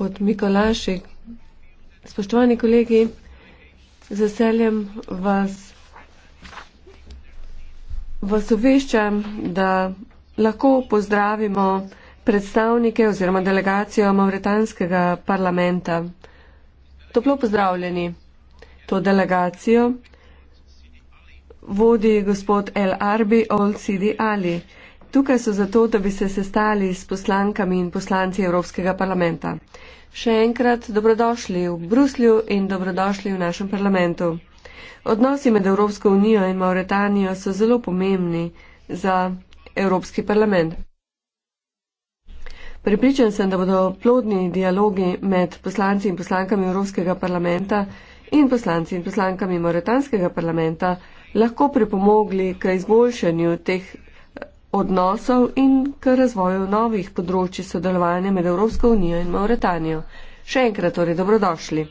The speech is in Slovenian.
gospod Mikolašik. Spoštovani kolegi, zaseljem vas, vas uviščam, da lahko pozdravimo predstavnike oziroma delegacijo Mauritanskega parlamenta. Toplo pozdravljeni to delegacijo vodi gospod El Arbi Old Sidi Ali. Tukaj so zato, da bi se sestali s poslankami in poslanci Evropskega parlamenta. Še enkrat dobrodošli v Bruslju in dobrodošli v našem parlamentu. Odnosi med Evropsko unijo in Mauretanijo so zelo pomembni za Evropski parlament. Pripričan sem, da bodo plodni dialogi med poslanci in poslankami Evropskega parlamenta in poslanci in poslankami Mauretanskega parlamenta lahko pripomogli k izboljšanju teh odnosov in k razvoju novih področji sodelovanja med Evropsko unijo in Mauretanijo. Še enkrat torej dobrodošli.